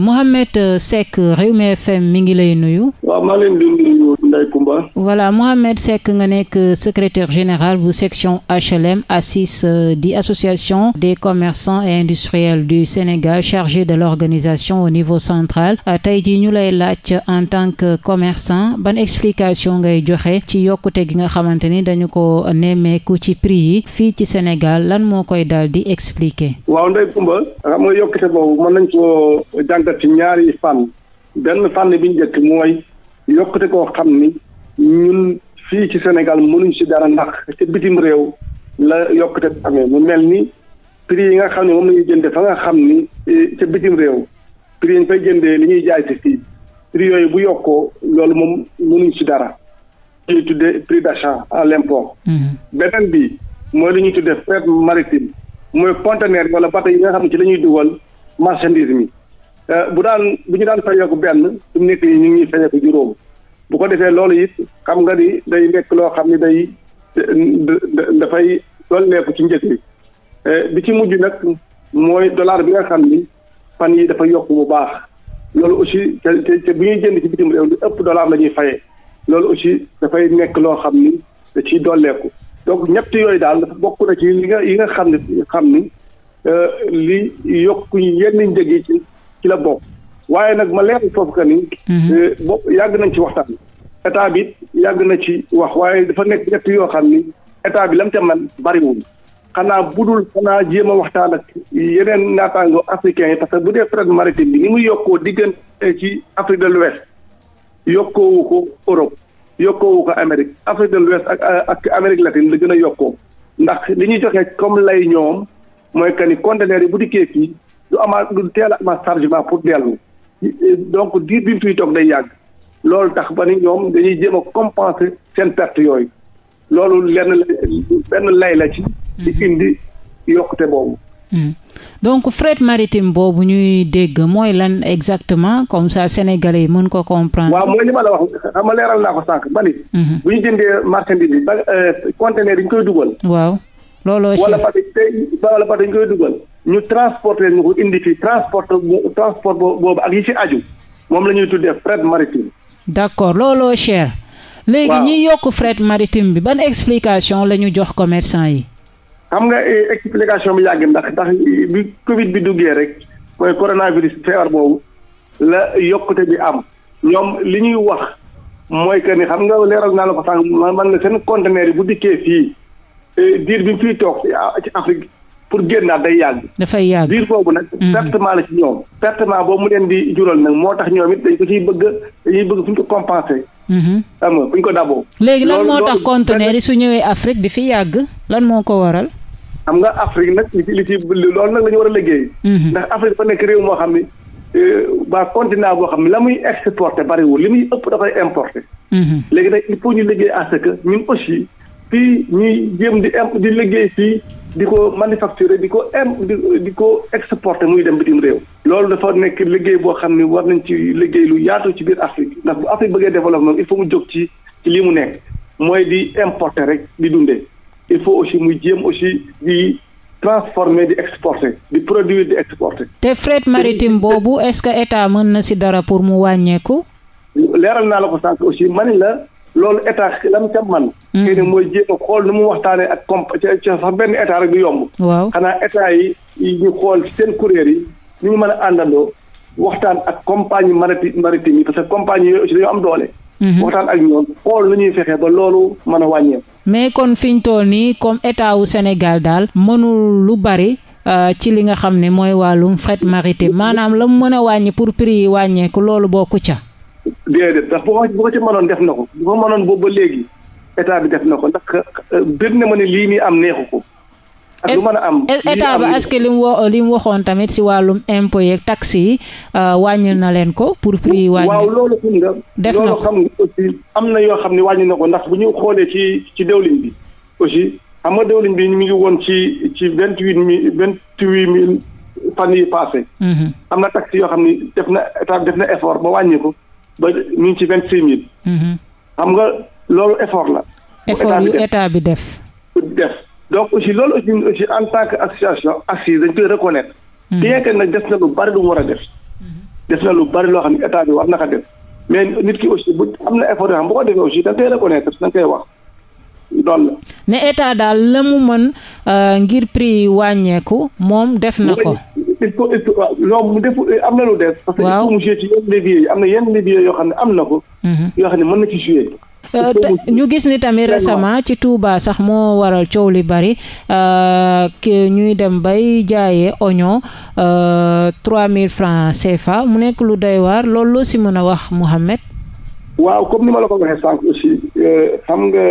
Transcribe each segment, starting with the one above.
Mouhamed euh, Seck euh, Rewmi mi ngi lay nuyu. waaw maa leen nuyu Ndeye Comba. voilà Mohamed Seck nga nekk secretaire général bu section HLM ACIS euh, di association des commerçants et industriels du Sénégal chargé de l'organisation au niveau central euh, tey jii ñu lay laaj en tant que commerçant ban explication ngay joxe ci yokkute gi nga xamante ni dañu ko nemmeeku ci prix yi fii ci Sénégal lan moo koy daal di expliquer. waaw Ndeye Comba xam nga yokkute boobu mën nañ ko jàngat ci ñaari fànn benn fànn bi njëkk mooy. yokkute koo xam ni ñun fii ci Sénégal mënuñ si dara ndax te bitim réew la yokkute amee mu mel ni prix yi nga xam ne moom la ñuy jëndee fa nga xam ni eh, ca bitim réew prix yi ñu fay jëndee li ñuy jaay si fii prix yooyu bu yokkoo loolu moom mënuñ ci dara ñuy tuddee prix d'achat à l'import mhm. beneen bi mooy li ñuy tuddee fret maritime mooy conteneur wala bateau yi nga xam ne ci lañuy ñuy dugal marchandise mi Eh, bu daan bu ñu daan fayeeku benn su nekk yi ñu ngi fayeeku juróom bu ko defee loolu it xam nga ni day nekk loo xam ne day dafay dolleeku ci njëg bi eh, bi ci mujj nag mooy dollar bi nga xam ni fan yi dafa yokk bu baax loolu aussi te bu ñuy jënd ci bitim réew lu ëpp dollar la ñuy fayee loolu aussi dafay nekk loo xam ni da ciy dolleeku donc ñett yooyu daal dafa bokk na ci li nga yi nga xam ne xam ni eh, li yokk yenn njëg yi ci ci la bokk waaye nag ma leeral foofu que ni. Mhm. Euh, bopp yàgg nañ ci waxtaan. état bi yàgg na ci wax waaye dafa nekk ñett yoo xam ni état bi lam ca man bariwul xanaa bu budul xanaa jéem a waxtaan ak yeneen naataango africain yi parce que bu dee fret maritime bi ni mu yokkoo diggante ci Afrique de l'Ouest yokkoowu ko Europe yokkoowu ko Amérique Afrique de l'Ouest ak ak Amérique latine la gën a yokkoo ndax li ñuy joxe comme lay ñoom mooy que ni conteneur yi bu dikkee fii du amaat du teel a amaat chargement pour dellu donc diir bi mu fiy toog day yàgg loolu tax ba ni ñoom dañuy jéem a compenser seen perte yooyu loolu lenn benn lay la ci. ci mhm. indi yokkute boobu. Hmm. donc fret maritime boobu ñuy dégg mooy lan exactement comme ça sénégalais yi mën ko comprendre. waaw mooy li ma la wax xam nga leeral naa ko sànq ba ni. Mhm. bu ñu jëndee marchandise bi ba euh, conteneur yi ñu koy dugal. waaw looloo si. ba wala ba dañ koy dugal. ñu transporter ñu ko indi fii transport transport boobu ak yi ci aju moom la ñuy tuddee fret maritime. d'accord looloo cher. waaw léegi ñiy yokk fret maritime bi ban explication la ñu jox commerçant yi. xam nga eh, explication bi yàgg ndax ndax bi Covid bi duggee rek mooy coronavirus feebar boobu la yokkute bi am ñoom li ñuy wax mooy que ni xam nga leeral naa la ko sànq man man seen conteneur yi bu dikkee fii eh, diir bi mu fiy toog ci ah, Afrique. pour génnaat day yàgg. dafay yàgg biir boobu nag. pertement mm-hmm. la ci ñoom. pertement boobu mu leen di jural nag moo tax ñoom it dañ ko ciy bëgg dañuy bëgg fu ñu ko compenser. Mm-hmm. xam nga fu ñu ko daboo. léegi lan moo tax conteneur yi su ñëwee Afrique di fi yàgg lan moo ko waral. xam nga Afrique nag li loolu nag la ñu war a liggéey. Mm-hmm. ndax Afrique dafa nekk réew moo xam ni waa euh, continent boo xam ne la muy exporté bariwul li muy ëpp dafay importé. léegi nag il faut di ko manufacturer di ko m di ko exporter muy dem bitim réew loolu dafa nekk liggéey boo xam ne war nañ ci liggéey lu yaatu ci biir Afrique ndax bu Afrique bëggee développement il faut mu jóg ci ci li mu nekk mooy di importer rek di dundee il faut aussi muy jéem aussi di transformer di exporte di produire di exporte te fret maritime boobu est-ce que état mën na si dara pour mu wàññeeku. leeral naa la ko sànq aussi man la loolu état lam ca man mm-hmm. xëy mooy jéem xool nu mu waxtaanee ak comp ca sax benn état rek du yomb waaw xanaa état yi ñu xool seen kuréel yi ñu mën a àndandoo waxtaan ak compagnie mariti maritime yi parce que compagnie yooyu aussi dañoo am doole mm-hmm. waxtaan ak ñoom xool nu ñuy fexee ba loolu mën a wàññeeku mais kon fi ñu nii comme état wu Sénégal daal mënul lu bari euh, ci li nga xam ne mooy wàllum fret maritime maanaam la mu mën a wàññi pour prix yi wàññeeku loolu bokku ca déedéet ndax boo boo ci mënoon def na ko bu ko mënoon boobu ba léegi état bi def na ko ndax bir na ma ne lii nii am neexu ko. ak lu man a am état ba est-ce que li mu li waxoon tamit si wàllum impôt yeeg taxes yi euh, wàññil na leen ko pour prix. wàññi waaw loolu xam nga. def na ko am na yoo xam ne wàññi na ko ndax bu ñuy xoolee ci ci dëwlin bi aussi xam nga dëwlin bi mi ngi woon ci ci vingt huit mille vingt huit mille fan yii passé. Mhm. am na taxes yoo xam ne def na état def na effort ba wàññi ko. ba ñu ngi ci vingt six mille. Mhm. xam nga loolu effort la. effort yu état bi def def donc aussi loolu aussi aussi en tant que association assise dañ koy reconnaître. Mhm. bien que nag def na lu bari lu mu war a def. Mhm. def na lu bari loo xam ne état bi war na ko def mais nit ki aussi bu am na effort yoo xam bu ko defee aussi dañ koy reconnaître dañ koy wax. loolu la ne état daal la mu mën euh, ngir prix wàññeeku moom def na ko il mu def euh, am na lu des. parce que mu jouer ci am na yenn levier yoo xam ne am na ko. Mhm. yoo xam ne mën na ci euh, ñu gis ni tamit récemment ci Touba sax moo waral coow li bari euh, ñuy dem bay jaayee oignon trois mille francs CFA mu nekk lu doy waar loolu loo si mën a wax Mouhamed. waaw comme ni ma la ko waxee sànq aussi xam nga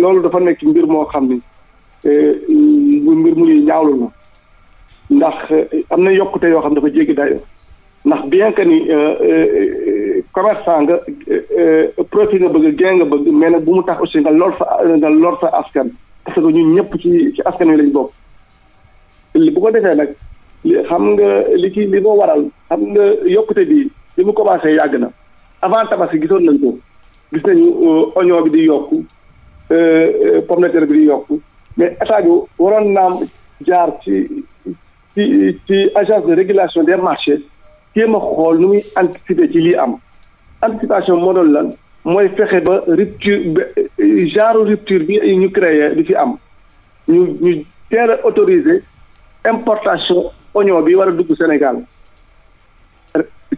loolu dafa nekk mbir moo xam ni mbir mu ñuy ñaawlu ndax eh, am na yokkute yoo xam dafa jéggi dayo ndax bien que ni euh, euh, commerçant nga euh, profit nga bëgg gain nga bëgg mais nag bu mu tax aussi nga lor sa nga lor sa askan parce que ñu ñëpp ci ci askan wi lañ bokk bu ko defee nag xam nga li ci li ko waral xam nga yokkute bi li mu commencé yàgg na avant tabaski gisoon nañ ko gis nañu oignon bi di yokku pomme de terre bi di yokku mais état waroon naam jaar ci ci ci agence de régulation des marchés téem a xool nu muy anticiper ci lii am anticipation moo la mooy fexe ba rupture genre rupture bi ñu créé di fi am ñu ñu teel a autoriser importation oignon bi war a dugg Sénégal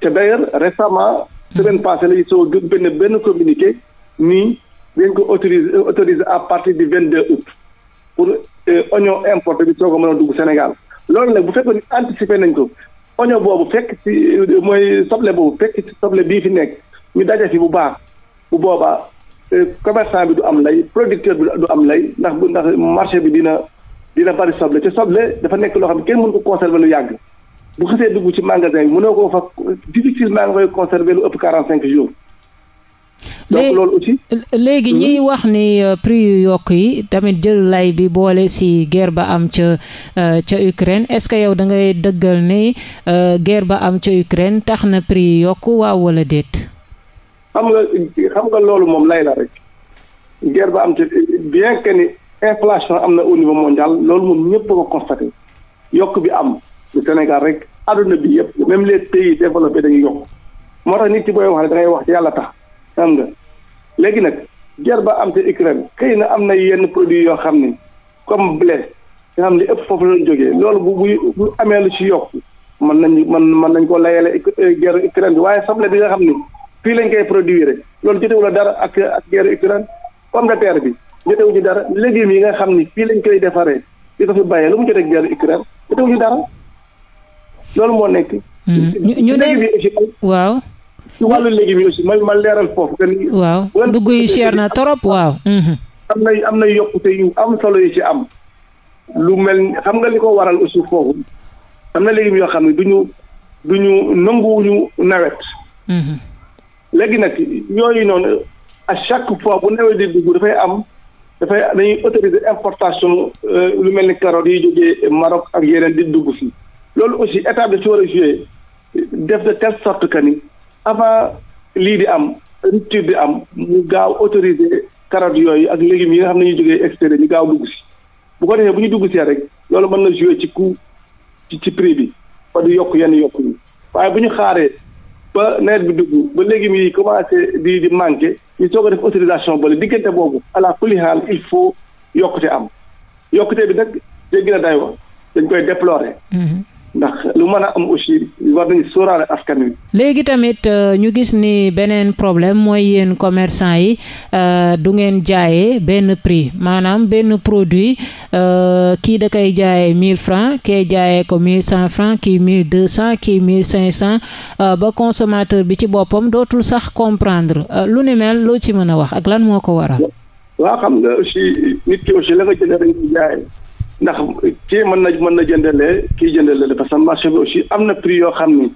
te d'ailleurs récemment semaine passée la soo jot benn benn communiqué nii dañ ko autorisé autoriser à partir du vingt deux août pour euh, oignon importé bi soo ko mën a dugg Sénégal loolu nag bu fekkoon anticiper nañ ko oño boobu fekk si mooy soble boobu fekk soble bii fi nekk ñu daje fi bu baax bu boobaa euh, commerçant bi du am lay producteur bi du am lay ndax bu ndax marché bi dina dina bari soble te soble dafa nekk loo xam ne kenn mënu ko conserver lu yàgg bu xasee dugg ci magasin bi mënoo ko fa difficilement nga koy conserver lu ëpp quarante cinq jours léegi mhm. ñiy wax ni euh, prix yu yokk yi tamit jël lay bi boole si guerre ba am ca euh, ca Ukraine est-ce que yow da dëggal ni euh, guerre ba am ca Ukraine tax na prix yu yokk waaw walla déet. xam nga xam nga loolu moom lay la rek guerre ba am ca bien que ni inflation am na au niveau mondial loolu moom ñëpp ko constaté yokk bi am du Sénégal rek àdduna bi yëpp même les pays développés dañuy yokk moo tax nit ci booy wax da ngay wax yàlla tax. xam nga léegi nag jar ba am te ikram xëy na am na yenn produit yoo xam ni comme blé nga xam ne ëpp foofu la jógee loolu bu bu bu amee lu ci yokk mën nañu mën mën nañ ko layale eh, guerre Ukraine bi waaye soble bi nga xam ni fii lañ koy produire loolu jotewul dara ak ak guerre Ukraine pomme de terre bi jotewu ñu dara légumes yi nga xam ni fii lañ koy defaree di ko fi bàyyee lu mu jotee guerre Ukraine jotewu ñu dara loolu moo nekk. Hmm. ñu ñu ne waaw. ci wàllu légumes yi aussi may ma leeral foofu que ni. waaw dugg yi cher na trop waaw. Mhm. am na am na yokkute yu am solo yu ci am lu mel xam nga li ko waral aussi foofu am na légumes yoo xam ne duñu ñu du ñu nanguwuñu nawet. Mhm. léegi nag yooyu noonu à chaque fois bu nawet di dugg dafay am dafay dañuy autoriser importation euh, lu mel ni carottes yi jógee Maroc ak yeneen di dugg fii loolu aussi état bi ci war a joué def de telle sort que ni. avant lii di am rupture di am ñu gaaw autoriser carottes yooyu ak légumes yi nga xam ne ñu jógee extérieur ñu gaaw dugg si bu ko defee bu ñu dugg see rek loolu mën na jouer ci coût ci ci prix bi ba du yokk yenn yokk yi waaye bu ñu xaaree ba nawet bi dugg ba légumes yi commencé di di manqué ñu soog a def autorisation bële diggante boobu ala kulli il faut yokkute am yokkute bi nag dégg na day wax dañ koy déplorer mm-hmm. ndax lu mën a léegi tamit euh, ñu gis ni beneen problème mooy yéen commerçant yi euh, du ngeen jaayee benn prix maanaam benn produit euh, kii da koy jaayee 1000 francs kee jaayee ko 1100 francs kii 1200 kii 1500 ba consommateur bi ci boppam dootul sax comprendre lu ni mel loo ci mën a wax ak lan moo ko waral. waa xam nga aussi nit ki aussi la nga jëlee rek jaayee. ndax kii mën na mën na jëndalee kii jëndalee parce que marché bi aussi am na prix yoo xam ni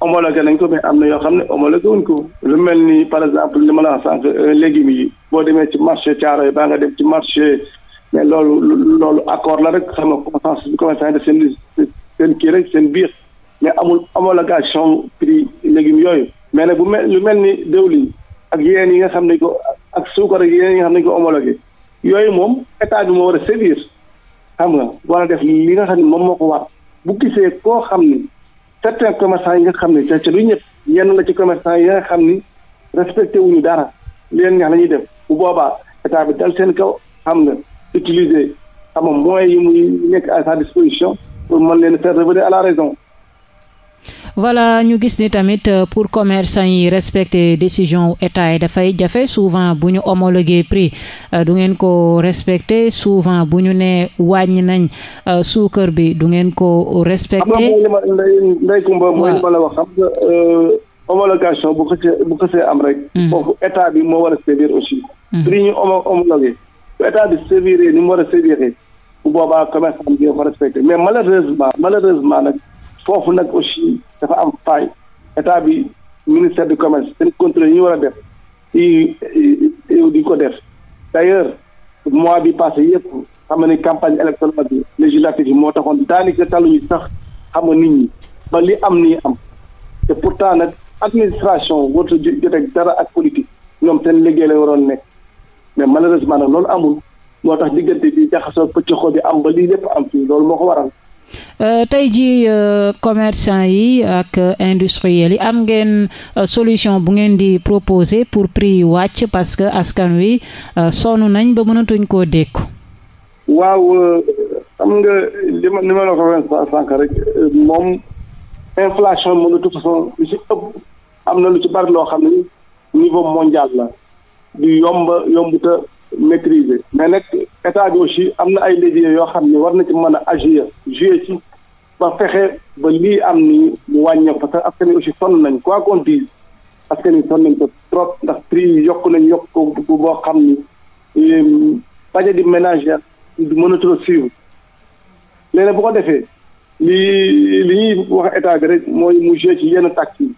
homologué nañ ko mais am na yoo xam ne homologué wuñ ko lu mel ni par exemple li ma la wax sànq euh, légumes yi boo demee ci marché caaro yi baa nga dem ci marché mais loolu loolu accord la rek xam nga conscience bi commerçant def seen seen kii rek seen biir mais amul homologation prix légumes yooyu mais ne bu mel lu mel ni déwlin ak yeen yi nga xam ne ko ak suukar ak yi nga xam ne ko homologué yooyu moom état bi moo war a sévir xam nga war a def li nga xam ne moom moo ko war bu gisee koo xam ni certains commerçants yi nga xam ne ca ca ñëpp yenn la ci commerçant yi nga xam ni respecté wuñu dara leen neex la ñuy def bu boobaa état bi dal seen kaw xam nga utiliser xam nga moyens yi muy nekk a sa disposition pour mën leen faire revenir à la raison voilà ñu gis ni tamit euh, pour commerçant yi respecter décision wu état yi dafay jafe souvent bu ñu homologué prix euh, du ngeen ko respecter souvent bu ñu nee wàññi nañ euh, suukar bi du ngeen ko respecter. homologation bu xësee bu xësee am rek. Mm-hmm. foofu état bi moo war a sévir aussi. Mm-hmm. prix ñu homo bu état bi sévir ni mu war a sévir bu boobaa commerçant bi ko respecté mais malheureusement malheureusement nag foofu nag aussi dafa am faay état bi ministère du commerce seen contrôle yi war a def yi di ko def d'ailleurs mois bi passé yëpp xam nga ni campagne électorale bi législative yi moo taxoon daanaka taluñu sax xam nga nit ñi ba li am nii am te pourtant nag administration warut a joteeg dara ak politique ñoom seen liggéey la waroon nekk mais malheureusement nag loolu amul moo tax diggante bi jaxasoo pëcc xoo bi am ba lii lépp am fii loolu moo ko waral. Euh, tey jii euh, commerçant yi ak industriel yi am ngeen euh, solution bu ngeen di proposer pour prix yi wàcc parce que askan wi sonu nañ ba mënatuñ koo dékku. waaw xam nga li ma li ma la ko sànq rek moom inflation moom de toute façon lu ci ëpp am na lu ci bari loo xam ne niveau mondial la du yomb yomb te maîtriser mais nag état bi aussi am na ay leviers yoo xam ne war na ci mën a agir jouer ci ba fexe ba lii am nii mu wàññeeku parce que askan wi aussi sonn nañ quoi qu'on dise askan wi nañ ko trop ndax prix yi yokk nañ yokk ko boo xam ni budget di ménagère du mënatul a suivre léegi bu ko defee li li ñuy wax état bi rek mooy mu joué ci yenn taxes yi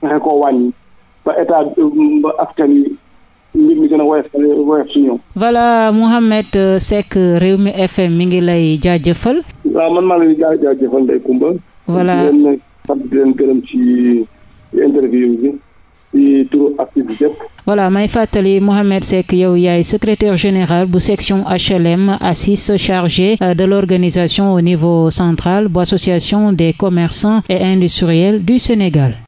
fexe koo wàññi ba état ba askan yi voilà Mouhamed euh, Seck Rewmi réew mi ngi lay jaajëfal voilà di leen voilà may fàttali Mohamed Seck yow yaay secrétaire général bu section HLM ACIS chargé euh, de l'organisation au niveau central bu association des commerçants et industriels du Sénégal.